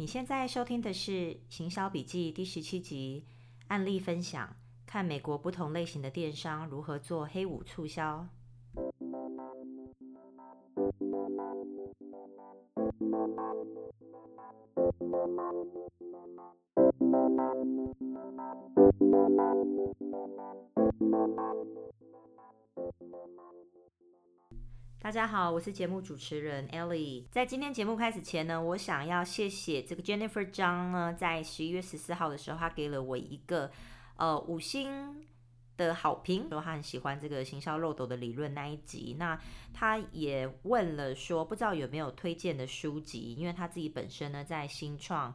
你現在收聽的是《行銷筆記》第十七集案例分享，看美國不同類型的電商如何做黑五促銷。大家好，我是節目主持人 Ellie。在今天節目開始前呢，我想要謝謝這個 Jennifer Zhang 呢，在十一月十四號的時候，他給了我一個呃五星的好評，說他很喜歡這個“行銷漏斗”的理論那一集。那他也問了說，不知道有沒有推薦的書籍，因為他自己本身呢在新創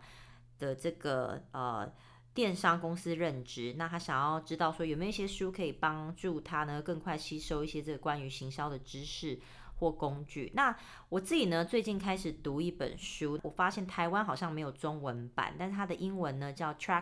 的這個呃。電商公司任職，那他想要知道說有沒有一些書可以幫助他呢，更快吸收一些這個關於行銷的知識或工具。那我自己呢，最近開始讀一本書，我發現台灣好像沒有中文版，但是它的英文呢叫《Traction》，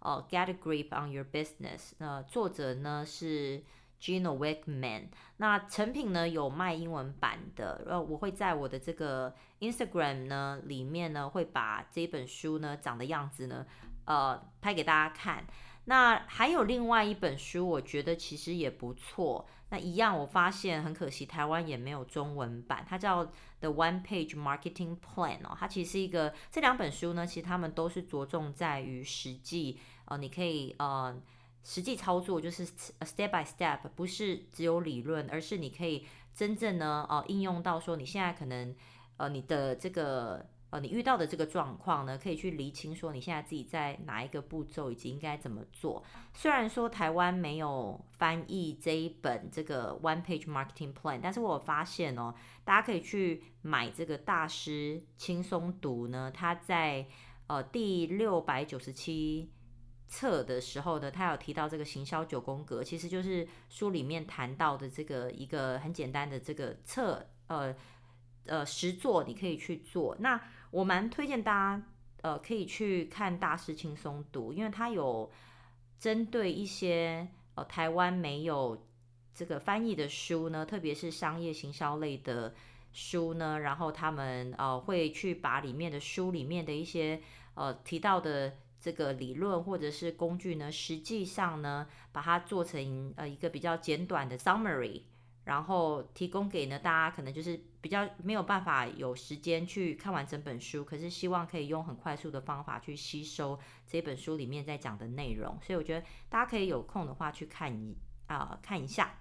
哦，《Get a Grip on Your Business》。那作者呢是 Gino Wickman。那成品呢有賣英文版的，呃，我會在我的這個 Instagram 呢裡面呢，會把這本書呢長的樣子呢。呃，拍給大家看。那還有另外一本書，我覺得其實也不錯。那一樣，我發現很可惜，台灣也沒有中文版。它叫《The One Page Marketing Plan》哦，它其實是一個。這兩本書呢，其實他們都是着重在於實際，呃，你可以呃，實際操作，就是 step by step，不是只有理論，而是你可以真正呢，呃，應用到說你現在可能，呃，你的這個。呃，你遇到的這個狀況呢，可以去釐清說你現在自己在哪一個步驟，以及應該怎麼做。雖然說台灣沒有翻譯這一本這個 One Page Marketing Plan，但是我發現哦，大家可以去買這個大師輕鬆讀呢。他在呃第六百九十七冊的時候呢，他有提到這個行銷九宮格，其實就是書裡面談到的這個一個很簡單的這個冊呃呃實作，你可以去做那。我蠻推薦大家，呃，可以去看大師輕鬆讀，因為他有針對一些呃台灣沒有這個翻譯的書呢，特別是商業行銷類的書呢，然後他們呃會去把裡面的書裡面的一些呃提到的這個理論或者是工具呢，實際上呢把它做成呃一個比較簡短的 summary，然後提供給呢大家，可能就是。比較沒有辦法有時間去看完整本書，可是希望可以用很快速的方法去吸收這本書裡面在講的內容，所以我覺得大家可以有空的話去看一啊、呃、看一下。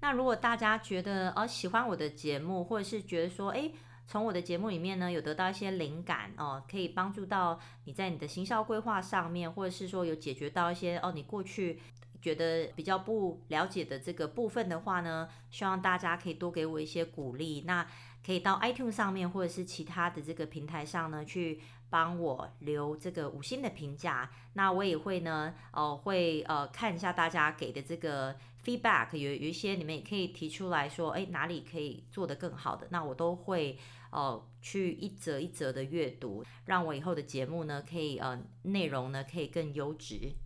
那如果大家覺得哦喜歡我的節目，或者是覺得說哎從我的節目裡面呢有得到一些靈感哦，可以幫助到你在你的行銷規劃上面，或者是說有解決到一些哦你過去。覺得比較不了解的這個部分的話呢，希望大家可以多給我一些鼓勵。那可以到 iTunes 上面或者是其他的這個平台上呢，去幫我留這個五星的評價。那我也會呢，哦、呃，會呃看一下大家給的這個 feedback，有有一些你們也可以提出來說，哎，哪裡可以做得更好的，那我都會哦、呃、去一則一則的閱讀，讓我以後的節目呢，可以呃內容呢可以更優質。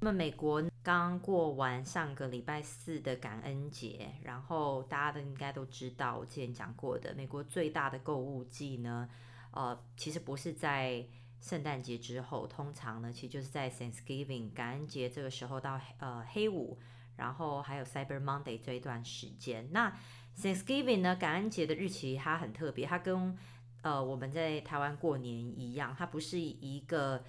那麼美國剛過完上個禮拜四的感恩節，然後大家都應該都知道，我之前講過的，美國最大的購物季呢，呃，其實不是在聖誕節之後，通常呢，其實就是在 Thanksgiving 感恩節這個時候到呃黑五，然後還有 Cyber Monday 這一段時間。那 Thanksgiving 呢，感恩節的日期它很特別，它跟呃我們在台灣過年一樣，它不是一個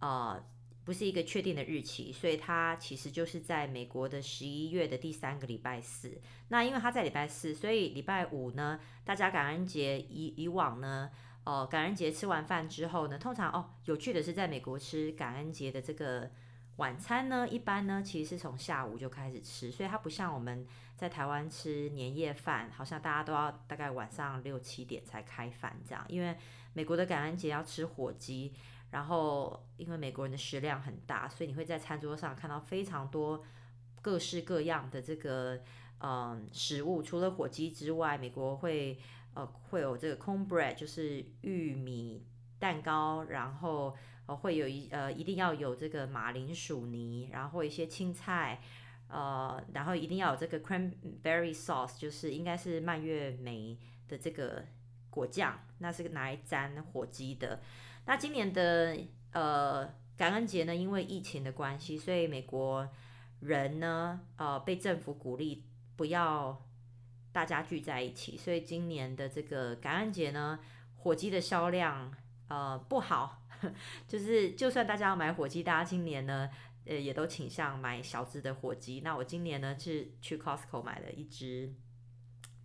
呃，不是一個確定的日期，所以它其實就是在美國的十一月的第三個禮拜四。那因為它在禮拜四，所以禮拜五呢，大家感恩節以以往呢，哦、呃，感恩節吃完飯之後呢，通常哦，有趣的是，在美國吃感恩節的這個晚餐呢，一般呢，其實是從下午就開始吃，所以它不像我們在台灣吃年夜飯，好像大家都要大概晚上六七點才開飯這樣。因為美國的感恩節要吃火雞。然後，因為美國人的食量很大，所以你會在餐桌上看到非常多各式各樣的這個嗯食物。除了火雞之外，美國會呃會有這個 cornbread，就是玉米蛋糕，然後、呃、會有一呃一定要有這個馬鈴薯泥，然後一些青菜，呃，然後一定要有這個 cranberry sauce，就是應該是蔓越莓的這個果醬，那是拿來沾火雞的。那今年的呃感恩節呢，因為疫情的關係，所以美國人呢，呃被政府鼓勵不要大家聚在一起，所以今年的這個感恩節呢，火雞的銷量呃不好， 就是就算大家要買火雞，大家今年呢，呃也都傾向買小隻的火雞。那我今年呢是去 Costco 買了一隻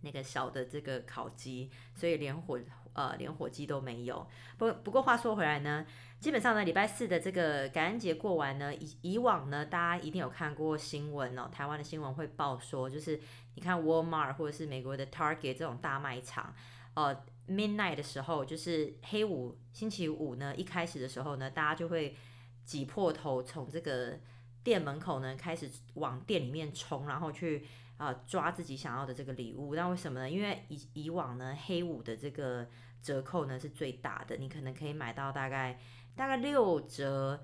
那個小的這個烤雞，所以連火。呃，連火雞都沒有。不不過話說回來呢，基本上呢，禮拜四的這個感恩節過完呢，以以往呢，大家一定有看過新聞哦，台灣的新聞會報說，就是你看 Walmart 或者是美國的 Target 這種大賣場，呃，Midnight 的時候，就是黑五星期五呢，一開始的時候呢，大家就會擠破頭從這個店門口呢開始往店裡面衝，然後去啊、呃、抓自己想要的這個禮物。那為什麼呢？因為以以往呢，黑五的這個折扣呢是最大的，你可能可以買到大概大概六折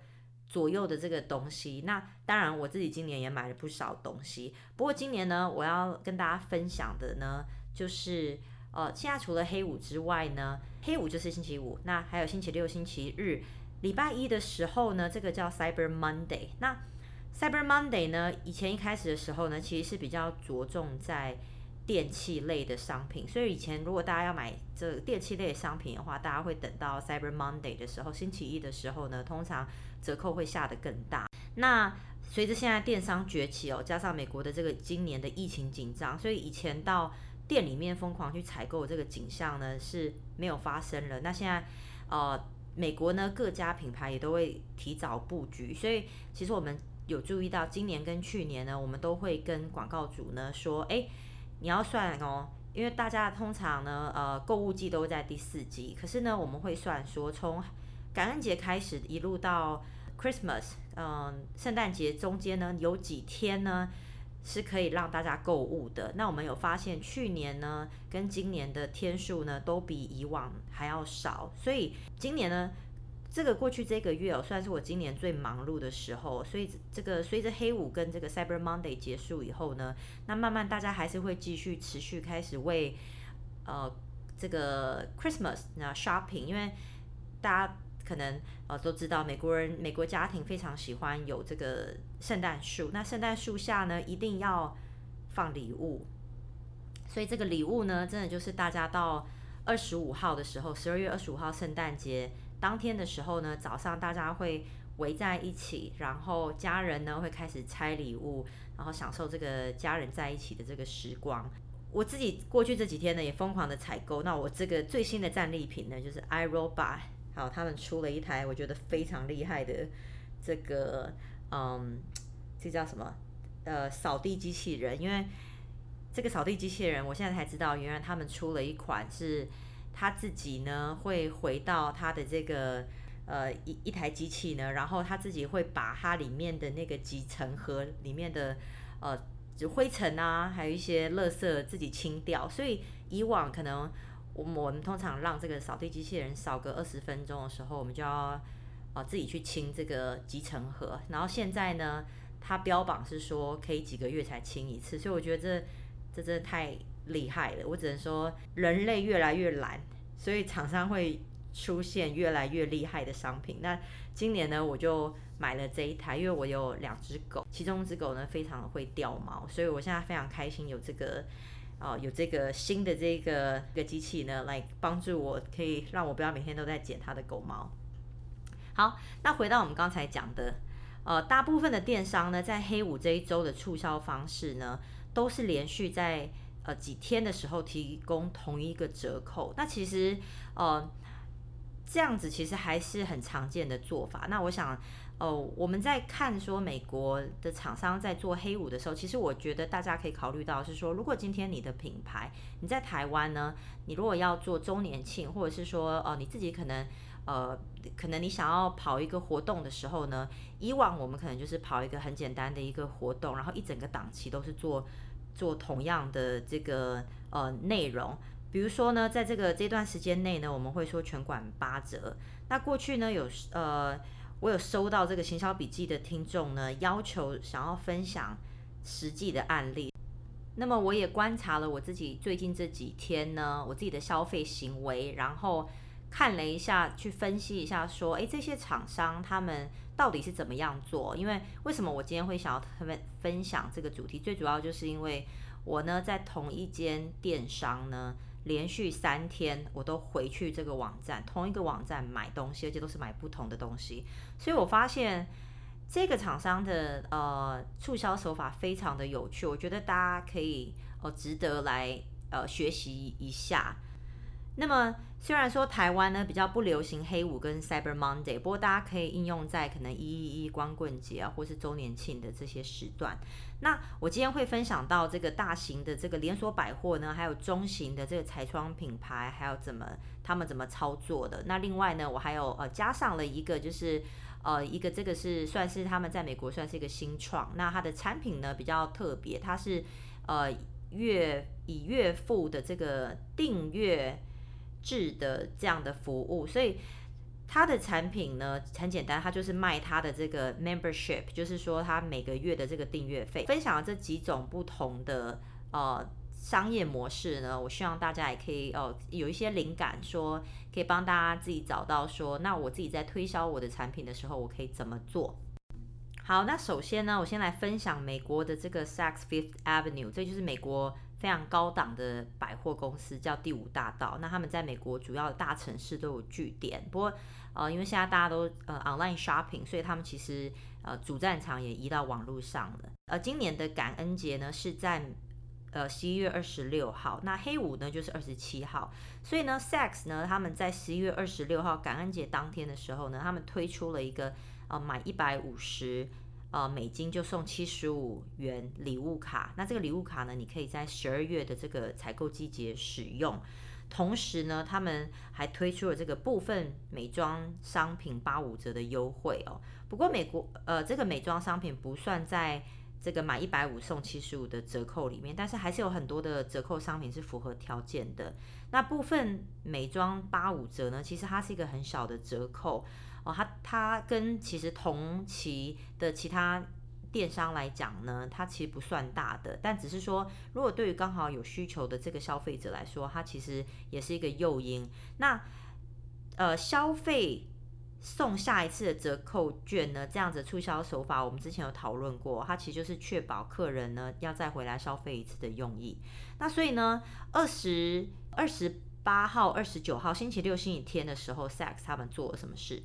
左右的這個東西。那當然，我自己今年也買了不少東西。不過今年呢，我要跟大家分享的呢，就是呃，現在除了黑五之外呢，黑五就是星期五，那還有星期六、星期日、禮拜一的時候呢，這個叫 Cyber Monday。那 Cyber Monday 呢，以前一開始的時候呢，其實是比較着重在電器類的商品，所以以前如果大家要買這個電器類的商品的話，大家會等到 Cyber Monday 的時候，星期一的時候呢，通常折扣會下得更大。那隨着現在電商崛起哦，加上美國的這個今年的疫情緊張，所以以前到店裡面瘋狂去採購這個景象呢是沒有發生了。那現在呃，美國呢各家品牌也都會提早布局，所以其實我們有注意到今年跟去年呢，我們都會跟廣告主呢說，誒。你要算哦，因為大家通常呢，呃，購物季都在第四季。可是呢，我們會算說，從感恩節開始一路到 Christmas，嗯、呃，聖誕節中間呢，有幾天呢是可以讓大家購物的。那我們有發現，去年呢跟今年的天數呢都比以往還要少，所以今年呢。這個過去這個月哦，算是我今年最忙碌的時候。所以這個隨着黑五跟這個 Cyber Monday 結束以後呢，那慢慢大家還是會繼續持續開始為呃這個 Christmas 那 shopping，因為大家可能呃都知道美國人美國家庭非常喜歡有這個聖誕樹，那聖誕樹下呢一定要放禮物。所以這個禮物呢，真的就是大家到二十五號的時候，十二月二十五號聖誕節。當天的時候呢，早上大家會圍在一起，然後家人呢會開始拆禮物，然後享受這個家人在一起的這個時光。我自己過去這幾天呢也瘋狂的採購，那我這個最新的戰利品呢就是 iRobot，好，他們出了一台我覺得非常厲害的這個嗯，這叫什麼？呃，掃地機器人。因為這個掃地機器人，我現在才知道，原來他們出了一款是。他自己呢，會回到他的這個呃一一台機器呢，然後他自己會把它裡面的那個集成盒裡面的呃灰塵啊，還有一些垃圾自己清掉。所以以往可能我們我們通常讓這個掃地機器人掃個二十分鐘的時候，我們就要，呃，自己去清這個集成盒。然後現在呢，它標榜是說可以幾個月才清一次，所以我覺得這這這太。厲害了，我只能說人類越來越懶，所以廠商會出現越來越厲害的商品。那今年呢，我就買了這一台，因為我有兩隻狗，其中一隻狗呢非常會掉毛，所以我現在非常開心有這個，呃、有這個新的這個、這個機器呢，來幫助我，可以讓我不要每天都在撿它的狗毛。好，那回到我們剛才講的，呃，大部分的電商呢，在黑五這一周的促銷方式呢，都是連續在。呃，幾天的時候提供同一個折扣，那其實，呃，這樣子其實還是很常見的做法。那我想，哦、呃，我們在看說美國的廠商在做黑五的時候，其實我覺得大家可以考慮到是說，如果今天你的品牌你在台灣呢，你如果要做週年慶，或者是說，哦、呃，你自己可能，呃，可能你想要跑一個活動的時候呢，以往我們可能就是跑一個很簡單的一個活動，然後一整個檔期都是做。做同樣的這個呃內容，比如說呢，在這個這段時間內呢，我們會說全館八折。那過去呢有呃，我有收到這個行銷筆記的聽眾呢要求想要分享實際的案例。那麼我也觀察了我自己最近這幾天呢，我自己的消費行為，然後。看了一下，去分析一下，說：“哎，這些廠商他們到底是怎麼樣做？因為為什麼我今天會想要他們分享這個主題？最主要就是因為我呢，在同一間電商呢，連續三天我都回去這個網站同一個網站買東西，而且都是買不同的東西，所以我發現這個廠商的呃促銷手法非常的有趣，我覺得大家可以哦、呃、值得來呃學習一下。那麼。雖然說台灣呢比較不流行黑五跟 Cyber Monday，不過大家可以應用在可能一一一光棍節啊，或是週年慶的這些時段。那我今天會分享到這個大型的這個連鎖百貨呢，還有中型的這個彩妝品牌，還有怎麼他們怎麼操作的。那另外呢，我還有呃加上了一個就是呃一個這個是算是他們在美國算是一個新創。那它的產品呢比較特別，它是呃月以月付的這個訂閱制的這樣的服務，所以它的產品呢很簡單，它就是賣它的這個 membership，就是說它每個月的這個訂閱費。分享了這幾種不同的呃商業模式呢，我希望大家也可以哦、呃、有一些靈感說，說可以幫大家自己找到說，那我自己在推銷我的產品的時候，我可以怎麼做？好，那首先呢，我先來分享美國的這個 Saks Fifth Avenue，這就是美國。非常高檔的百貨公司叫第五大道，那他們在美國主要的大城市都有據點。不過，呃，因為現在大家都呃 online shopping，所以他們其實呃主戰場也移到網絡上了。而、呃、今年的感恩節呢是在呃十一月二十六號，那黑五呢就是二十七號。所以呢 Saks 呢他們在十一月二十六號感恩節當天的時候呢，他們推出了一個呃買一百五十。呃，美金就送七十五元禮物卡，那這個禮物卡呢，你可以在十二月的這個採購季節使用。同時呢，他們還推出了這個部分美妝商品八五折的優惠哦。不過，美國呃，這個美妝商品不算在這個買一百五送七十五的折扣裡面，但是還是有很多的折扣商品是符合條件的。那部分美妝八五折呢，其實它是一個很小的折扣。哦，它它跟其實同期的其他電商來講呢，它其實不算大的，但只是說，如果對於剛好有需求的這個消費者來說，它其實也是一個誘因。那呃，消費送下一次的折扣券呢，這樣子促銷的手法，我們之前有討論過，它其實就是確保客人呢要再回來消費一次的用意。那所以呢，二十二十八號、二十九號星期六、星期天的時候，Saks 他們做了什麼事？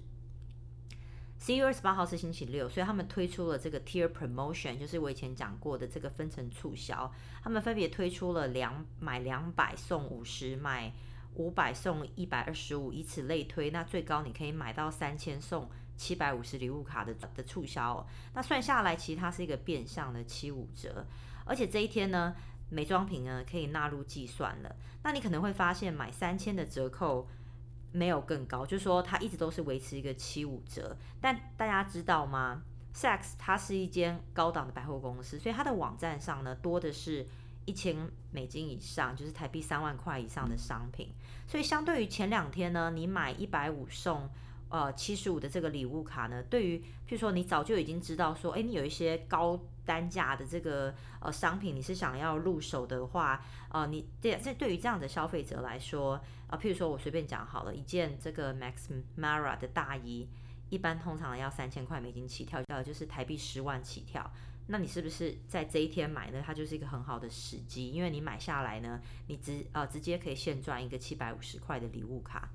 十一月二十八號是星期六，所以他們推出了這個 tier promotion，就是我以前講過的這個分層促銷。他們分別推出了兩買兩百送五十，買五百送一百二十五，以此類推，那最高你可以買到三千送七百五十禮物卡的的促銷哦。那算下來，其實它是一個變相的七五折。而且這一天呢，美妝品呢可以納入計算了。那你可能會發現，買三千的折扣。沒有更高，就是說它一直都是維持一個七五折。但大家知道嗎？Saks 它是一間高檔的百貨公司，所以它的網站上呢多的是一千美金以上，就是台幣三萬塊以上的商品。所以相對於前兩天呢，你買一百五送呃七十五的這個禮物卡呢，對於譬如說你早就已經知道說，哎，你有一些高單價的這個呃商品你是想要入手的話，呃，你這這對,對於這樣的消費者來說。啊，譬如說我隨便講好了，一件這個 Max Mara 的大衣，一般通常要三千塊美金起跳，就是台幣十萬起跳。那你是不是在這一天買呢？它就是一個很好的時機，因為你買下來呢，你直呃直接可以現賺一個七百五十塊的禮物卡。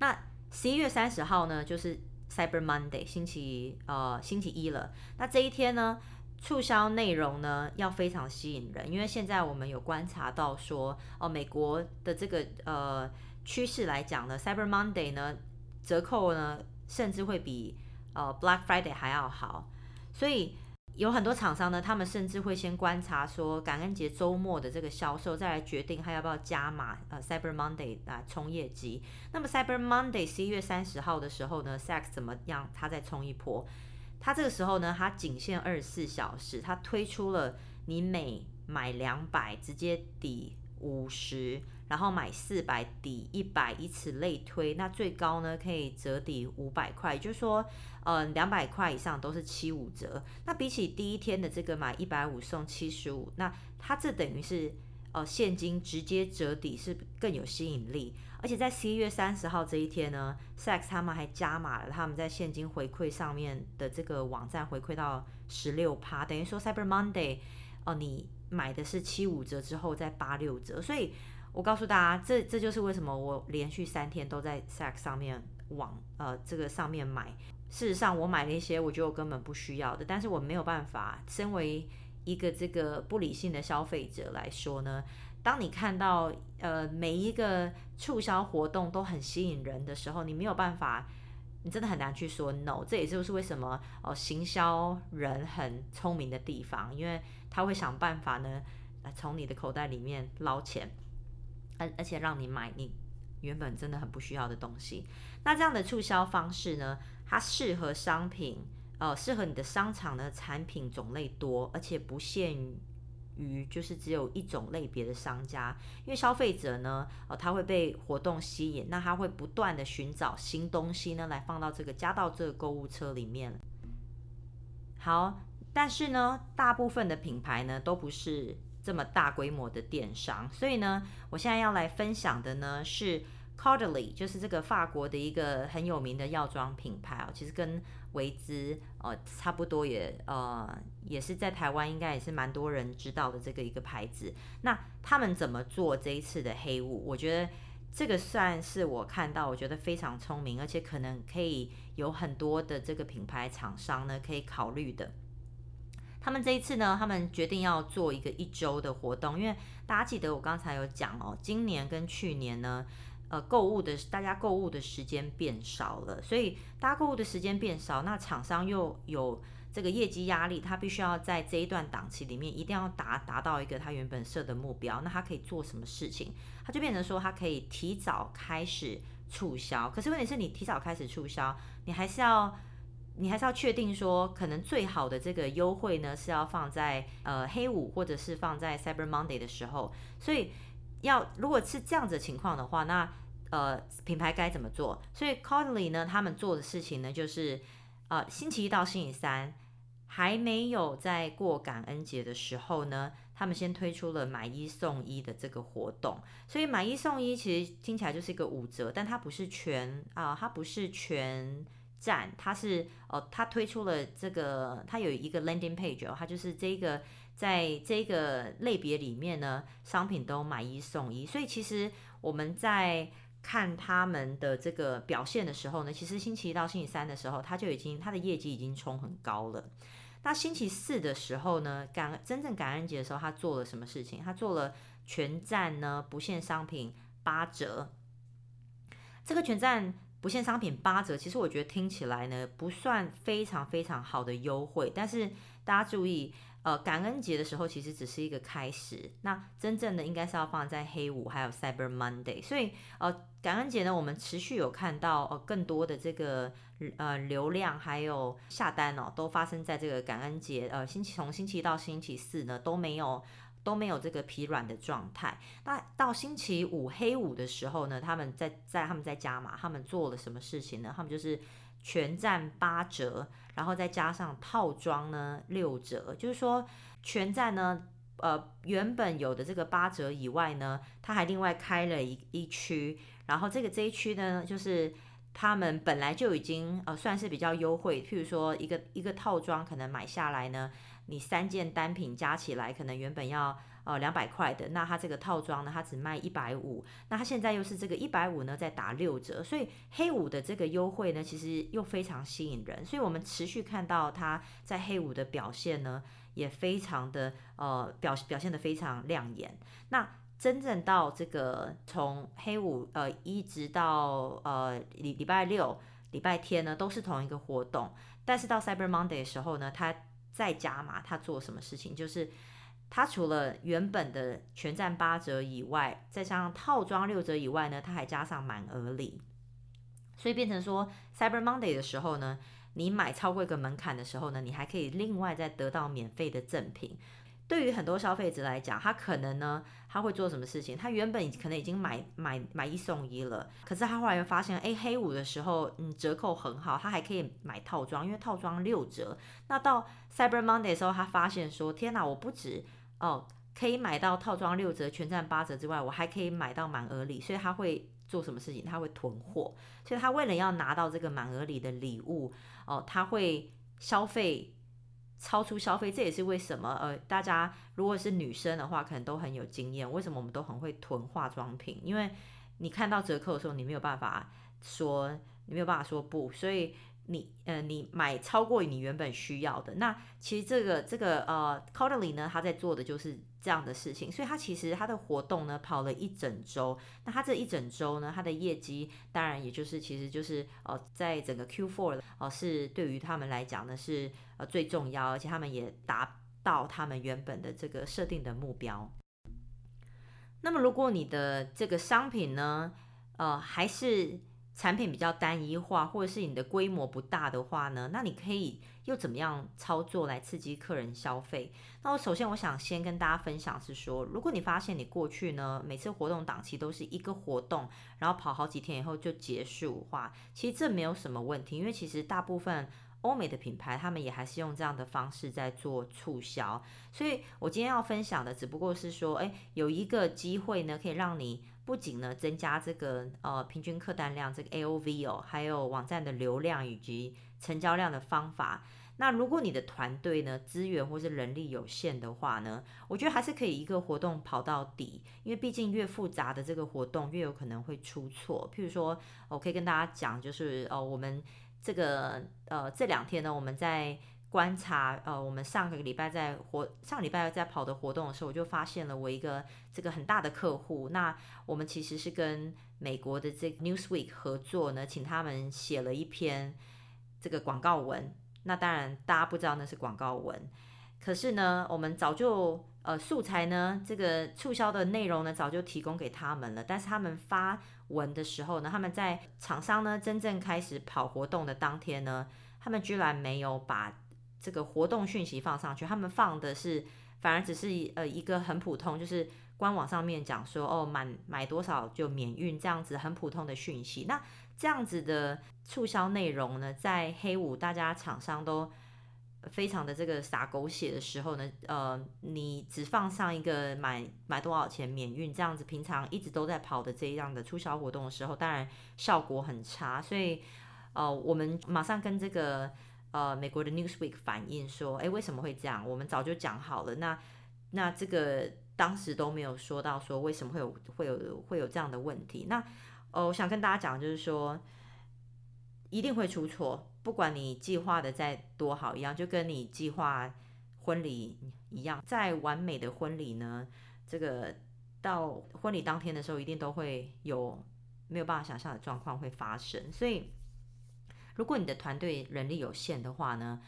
那十一月三十號呢，就是 Cyber Monday 星期呃星期一了。那這一天呢？促銷內容呢要非常吸引人，因為現在我們有觀察到說，哦，美國的這個呃趨勢來講呢，Cyber Monday 呢折扣呢甚至會比呃 Black Friday 還要好，所以有很多廠商呢，他們甚至會先觀察說感恩節周末的這個銷售，再來決定他要不要加碼呃 Cyber Monday 啊衝業績。那麼 Cyber Monday 十一月三十號的時候呢 Saks 怎麼樣？他再衝一波？它這個時候呢，它僅限二十四小時，它推出了你每買兩百直接抵五十，然後買四百抵一百，以此類推，那最高呢可以折抵五百塊，就是說，呃，兩百塊以上都是七五折。那比起第一天的這個買一百五送七十五，那它這等於是。呃，現金直接折抵是更有吸引力，而且在十一月三十號這一天呢 Saks 他們還加碼了，他們在現金回饋上面的這個網站回饋到十六趴，等於說 Cyber Monday，呃，你買的是七五折之後再八六折，所以我告訴大家，這這就是為什麼我連續三天都在 Saks 上面往呃這個上面買。事實上，我買那些我就根本不需要的，但是我沒有辦法，身為一個這個不理性的消費者來說呢，當你看到呃每一個促銷活動都很吸引人的時候，你沒有辦法，你真的很難去說 no。這也就是為什麼哦、呃，行銷人很聰明的地方，因為他會想辦法呢，從你的口袋裡面撈錢，而而且讓你買你原本真的很不需要的東西。那這樣的促銷方式呢，它適合商品。呃、哦，適合你的商場呢，產品種類多，而且不限於就是只有一種類別的商家，因為消費者呢，呃、哦，他會被活動吸引，那他會不斷的尋找新東西呢，來放到這個加到，這個購物車裡面。好，但是呢，大部分的品牌呢，都不是這麼大規模的電商，所以呢，我現在要來分享的呢是 Caudalie 就是這個法國的一個很有名的藥妝品牌哦，其實跟維姿呃，差不多也，也，呃也是在台灣應該也是蠻多人知道的這個一個牌子。那他們怎麼做這一次的黑五？我覺得這個算是我看到，我覺得非常聰明，而且可能可以有很多的這個品牌廠商呢，可以考慮的。他們這一次呢，他們決定要做一個一周的活動，因為大家記得我剛才有講哦，今年跟去年呢。呃，購物的大家購物的時間變少了，所以大家購物的時間變少，那廠商又有這個業績壓力，他必須要在這一段檔期裡面一定要達達到一個他原本設的目標。那他可以做什麼事情？他就變成說，他可以提早開始促銷。可是問題是你提早開始促銷，你還是要你還是要確定說，可能最好的這個優惠呢是要放在呃黑五或者是放在 Cyber Monday 的時候。所以要如果是這樣子情況的話，那呃，品牌該怎麼做？所以，Caudalie 呢，他們做的事情呢，就是，呃，星期一到星期三還沒有在過感恩節的時候呢，他們先推出了買一送一的這個活動。所以，買一送一其實聽起來就是一個五折，但它不是全啊、呃，它不是全站，它是哦、呃，它推出了這個，它有一個 landing page 哦，它就是這個在這個類別裡面呢，商品都買一送一。所以，其實我們在看他們的這個表現的時候呢，其實星期一到星期三的時候，他就已經他的業績已經衝很高了。那星期四的時候呢，感真正感恩節的時候，他做了什麼事情？他做了全站呢不限商品八折。這個全站不限商品八折，其實我覺得聽起來呢不算非常非常好的優惠，但是大家注意。呃，感恩節的時候其實只是一個開始，那真正的應該是要放在黑五還有 Cyber Monday。所以，呃，感恩節呢，我們持續有看到呃更多的這個呃流量還有下單哦，都發生在這個感恩節，呃，星期、從星期一到星期四呢都沒有都沒有這個疲軟的狀態。那到星期五黑五的時候呢，他們在在他們在加碼，他們做了什麼事情呢？他們就是。全站八折，然後再加上套裝呢六折，就是說全站呢，呃，原本有的這個八折以外呢，它還另外開了一一區，然後這個這一區呢，就是他們本來就已經呃算是比較優惠，譬如說一個一個套裝可能買下來呢，你三件單品加起來可能原本要。呃，兩百塊的，那它這個套裝呢，它只賣一百五，那它現在又是這個一百五呢，在打六折，所以黑五的這個優惠呢，其實又非常吸引人，所以我們持續看到它在黑五的表現呢，也非常的呃表表現得非常亮眼。那真正到這個從黑五呃一直到呃禮禮拜六、禮拜天呢，都是同一個活動，但是到 Cyber Monday 的時候呢，它再加碼，它做什麼事情就是。它除了原本的全站八折以外，再加上套裝六折以外呢，它還加上滿額禮，所以變成說 Cyber Monday 的時候呢，你買超過一個門檻的時候呢，你還可以另外再得到免費的贈品。對於很多消費者來講，他可能呢他會做什麼事情？他原本可能已經買買買一送一了，可是他後來又發現，哎、欸，黑五的時候嗯折扣很好，他還可以買套裝，因為套裝六折。那到 Cyber Monday 的時候，他發現說，天哪、啊，我不止。哦，可以買到套裝六折，全站八折之外，我還可以買到滿額禮，所以他會做什麼事情？他會囤貨，所以他為了要拿到這個滿額禮的禮物，哦，他會消費超出消費，這也是為什麼呃，大家如果是女生的話，可能都很有經驗，為什麼我們都很會囤化妝品？因為你看到折扣的時候，你沒有辦法說，你沒有辦法說不，所以。你呃，你買超過你原本需要的，那其實這個這個呃，Caudalie 呢，他在做的就是這樣的事情，所以他其實他的活動呢，跑了一整周。那他這一整周呢，他的業績當然也就是其實就是呃，在整個 Q4 哦、呃，是對於他們來講呢是呃最重要，而且他們也達到他們原本的這個設定的目標。那麼如果你的這個商品呢，呃還是。產品比較單一化，或者是你的規模不大的話呢，那你可以又怎麼樣操作來刺激客人消費？那我首先我想先跟大家分享是說，如果你發現你過去呢，每次活動檔期都是一個活動，然後跑好幾天以後就結束的話，其實這沒有什麼問題，因為其實大部分。歐美的品牌，他們也還是用這樣的方式在做促銷，所以我今天要分享的只不過是說，誒，有一個機會呢，可以讓你不僅呢增加這個呃平均客單量，這個 A O V 哦，還有網站的流量以及成交量的方法。那如果你的團隊呢資源或是人力有限的話呢，我覺得還是可以一個活動跑到底，因為畢竟越複雜的這個活動越有可能會出錯。譬如說，我可以跟大家講，就是哦、呃，我們。這個呃，這兩天呢，我們在觀察呃，我們上個禮拜在活上個禮拜在跑的活動的時候，我就發現了我一個這個很大的客戶。那我們其實是跟美國的這個《Newsweek》合作呢，請他們寫了一篇這個廣告文。那當然大家不知道那是廣告文，可是呢，我們早就呃素材呢，這個促銷的內容呢，早就提供給他們了，但是他們發。文的時候呢，他們在廠商呢真正開始跑活動的當天呢，他們居然沒有把這個活動訊息放上去，他們放的是反而只是呃一個很普通，就是官網上面講說哦，滿買買多少就免運這樣子很普通的訊息。那這樣子的促銷內容呢，在黑五大家廠商都。非常的這個撒狗血的時候呢，呃，你只放上一個買買多少錢免運這樣子，平常一直都在跑的這一樣的促銷活動的時候，當然效果很差。所以，呃，我們馬上跟這個呃美國的 Newsweek 反映說，哎，為什麼會這樣？我們早就講好了，那那這個當時都沒有說到說為什麼會有會有會有這樣的問題。那，呃，我想跟大家講的就是說，一定會出錯。不管你計劃的再多好，一樣就跟你計劃婚禮一樣，再完美的婚禮呢，這個到婚禮當天的時候，一定都會有沒有辦法想象的狀況會發生。所以，如果你的團隊人力有限的話呢，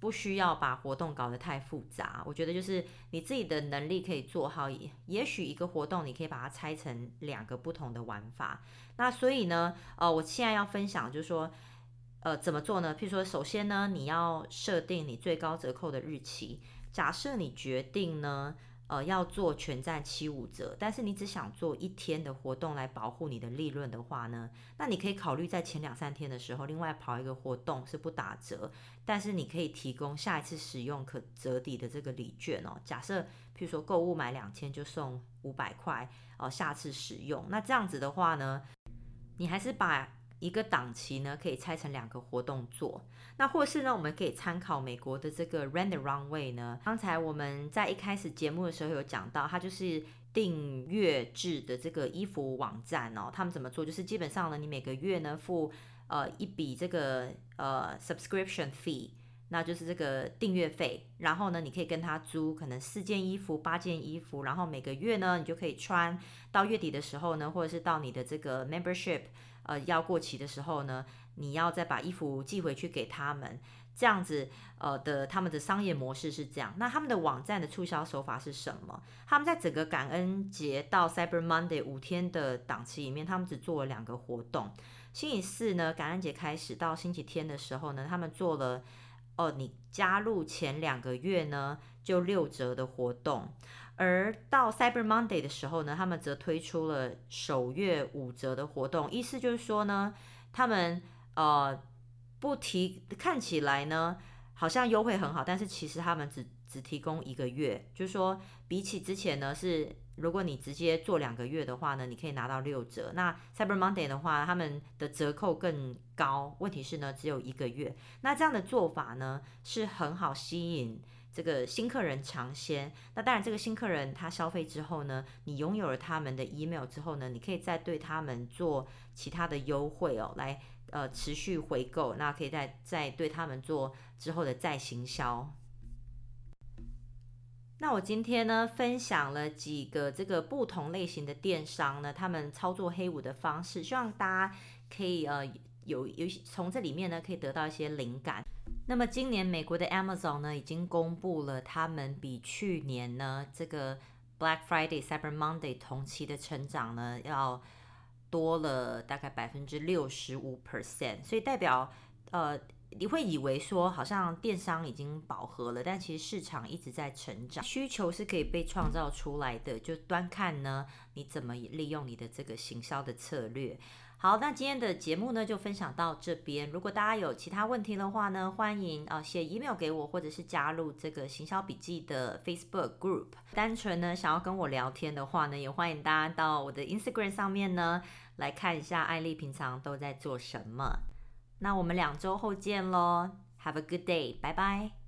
不需要把活動搞得太複雜。我覺得就是你自己的能力可以做好，也許一個活動你可以把它拆成兩個不同的玩法。那所以呢，呃，我現在要分享就是說。呃，怎麼做呢？譬如說，首先呢，你要設定你最高折扣的日期。假設你決定呢，呃，要做全站七五折，但是你只想做一天的活動來保護你的利潤的話呢，那你可以考慮在前兩三天的時候，另外跑一個活動是不打折，但是你可以提供下一次使用可折抵的這個禮券哦。假設譬如說購物買兩千就送五百塊哦，呃，下次使用。那這樣子的話呢，你還是把。一個檔期呢，可以拆成兩個活動做。那或是呢，我們可以參考美國的這個 Rent the Runway 呢，剛才我們在一開始節目的時候有講到，它就是訂閱制的這個衣服網站哦。他們怎麼做？就是基本上呢，你每個月呢付呃一筆這個呃 subscription fee，那就是這個訂閱費。然後呢，你可以跟他租可能四件衣服、八件衣服，然後每個月呢，你就可以穿到月底的時候呢，或者是到你的這個 membership。呃，要過期的時候呢，你要再把衣服寄回去給他們，這樣子，呃的，他們的商業模式是這樣。那他們的網站的促銷手法是什麼？他們在整個感恩節到 Cyber Monday 五天的檔期裡面，他們只做了兩個活動。星期四呢，感恩節開始到星期天的時候呢，他們做了，哦、呃，你加入前兩個月呢，就六折的活動。而到 Cyber Monday 的時候呢，他們則推出了首月五折的活動，意思就是說呢，他們呃不提看起來呢好像優惠很好，但是其實他們只只提供一個月，就是說比起之前呢是如果你直接做兩個月的話呢，你可以拿到六折。那 Cyber Monday 的話，他們的折扣更高，問題是呢只有一個月，那這樣的做法呢是很好吸引，這個新客人嘗鮮，那當然，這個新客人他消費之後呢，你擁有了他們的 email 之後呢，你可以再對他們做其他的優惠哦，來呃持續回購，那可以再再對他們做之後的再行銷。那我今天呢，分享了幾個這個不同類型的電商呢，他們操作黑五的方式，希望大家可以呃有有，有從這裡面呢，可以得到一些靈感。那麼今年美國的 Amazon 呢，已經公布了他們比去年呢，這個 Black Friday、Cyber Monday 同期的成長呢，要多了大概百分之六十五 percent。所以代表，呃，你會以為說好像電商已經飽和了，但其實市場一直在成長，需求是可以被創造出來的。就端看呢，你怎麼利用你的這個行銷的策略。好，那今天的節目呢就分享到這邊。如果大家有其他問題的話呢，歡迎啊寫 email 給我，或者是加入這個行銷筆記的 Facebook group。單純呢想要跟我聊天的話呢，也歡迎大家到我的 Instagram 上面呢來看一下艾莉平常都在做什麼。那我們兩周後見嘍，Have a good day，拜拜。